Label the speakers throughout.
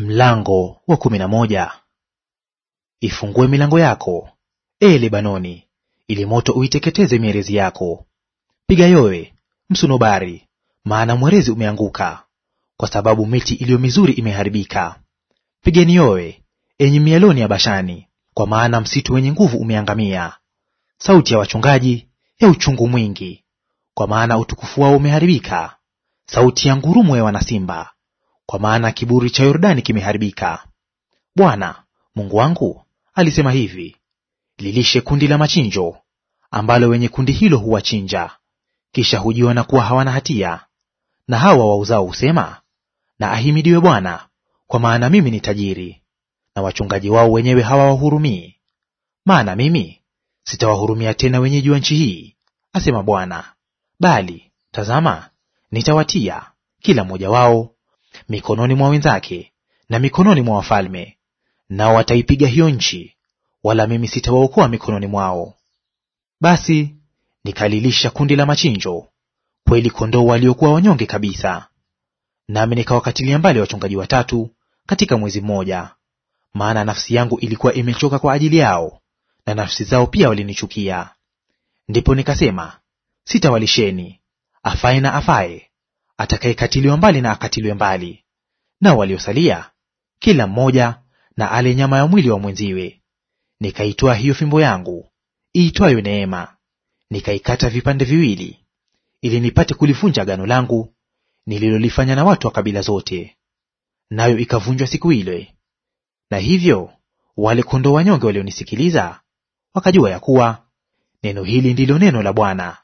Speaker 1: Mlango wa kumi na moja. Ifungue milango yako, ee Lebanoni, ili moto uiteketeze mierezi yako. Piga yowe, msunobari, maana mwerezi umeanguka, kwa sababu miti iliyo mizuri imeharibika. Pigeni yowe, enyi mialoni ya Bashani, kwa maana msitu wenye nguvu umeangamia. Sauti ya wachungaji ya uchungu mwingi, kwa maana utukufu wao umeharibika, sauti ya ngurumo ya wanasimba kwa maana kiburi cha Yordani kimeharibika. Bwana Mungu wangu alisema hivi, lilishe kundi la machinjo ambalo wenye kundi hilo huwachinja, kisha hujiona kuwa hawana hatia, na hawa wauzao husema, na ahimidiwe Bwana, kwa maana mimi ni tajiri. Na wachungaji wao wenyewe hawawahurumii, maana mimi sitawahurumia tena wenyeji wa nchi hii, asema Bwana, bali tazama, nitawatia kila mmoja wao mikononi mwa wenzake na mikononi mwa wafalme, nao wataipiga hiyo nchi, wala mimi sitawaokoa mikononi mwao. Basi nikalilisha kundi la machinjo, kweli kondoo waliokuwa wanyonge kabisa. Nami nikawakatilia mbali wachungaji watatu katika mwezi mmoja, maana nafsi yangu ilikuwa imechoka kwa ajili yao, na nafsi zao pia walinichukia. Ndipo nikasema, sitawalisheni afae na afaye atakayekatiliwa mbali na akatiliwe mbali; nao waliosalia kila mmoja na ale nyama ya mwili wa mwenziwe. Nikaitoa hiyo fimbo yangu iitwayo neema, nikaikata vipande viwili, ili nipate kulivunja agano langu nililolifanya na watu wa kabila zote. Nayo ikavunjwa siku ile. Na hivyo wale kondoo wanyonge walionisikiliza wakajua ya kuwa neno hili ndilo neno la Bwana.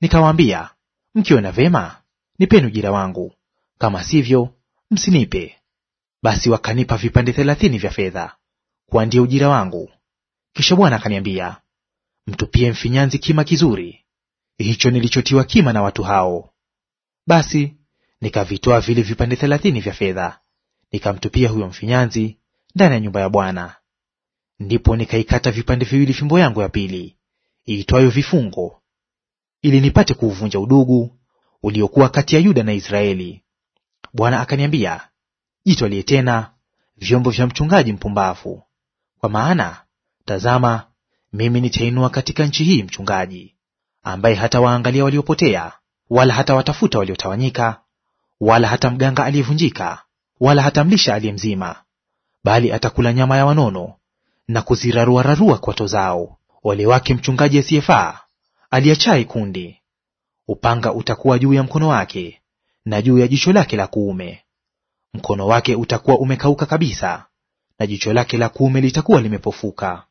Speaker 1: Nikawaambia, mkiona vema nipeni ujira wangu, kama sivyo msinipe. Basi wakanipa vipande thelathini vya fedha kwa ndiyo ujira wangu. Kisha Bwana akaniambia, mtupie mfinyanzi kima kizuri, hicho nilichotiwa kima na watu hao. Basi nikavitoa vile vipande thelathini vya fedha nikamtupia huyo mfinyanzi ndani ya nyumba ya Bwana. Ndipo nikaikata vipande viwili fimbo yangu ya pili iitwayo vifungo, ili nipate kuuvunja udugu uliokuwa kati ya Yuda na Israeli. Bwana akaniambia, jitwalie tena vyombo vya mchungaji mpumbavu, kwa maana tazama, mimi nitainua katika nchi hii mchungaji, ambaye hatawaangalia waliopotea, wala hatawatafuta waliotawanyika, wala hata mganga aliyevunjika, wala hatamlisha aliyemzima, bali atakula nyama ya wanono na kuziraruararua kwato zao. Ole wake mchungaji asiyefaa aliachai kundi, Upanga utakuwa juu ya mkono wake na juu ya jicho lake la kuume; mkono wake utakuwa umekauka kabisa, na jicho lake la kuume litakuwa limepofuka.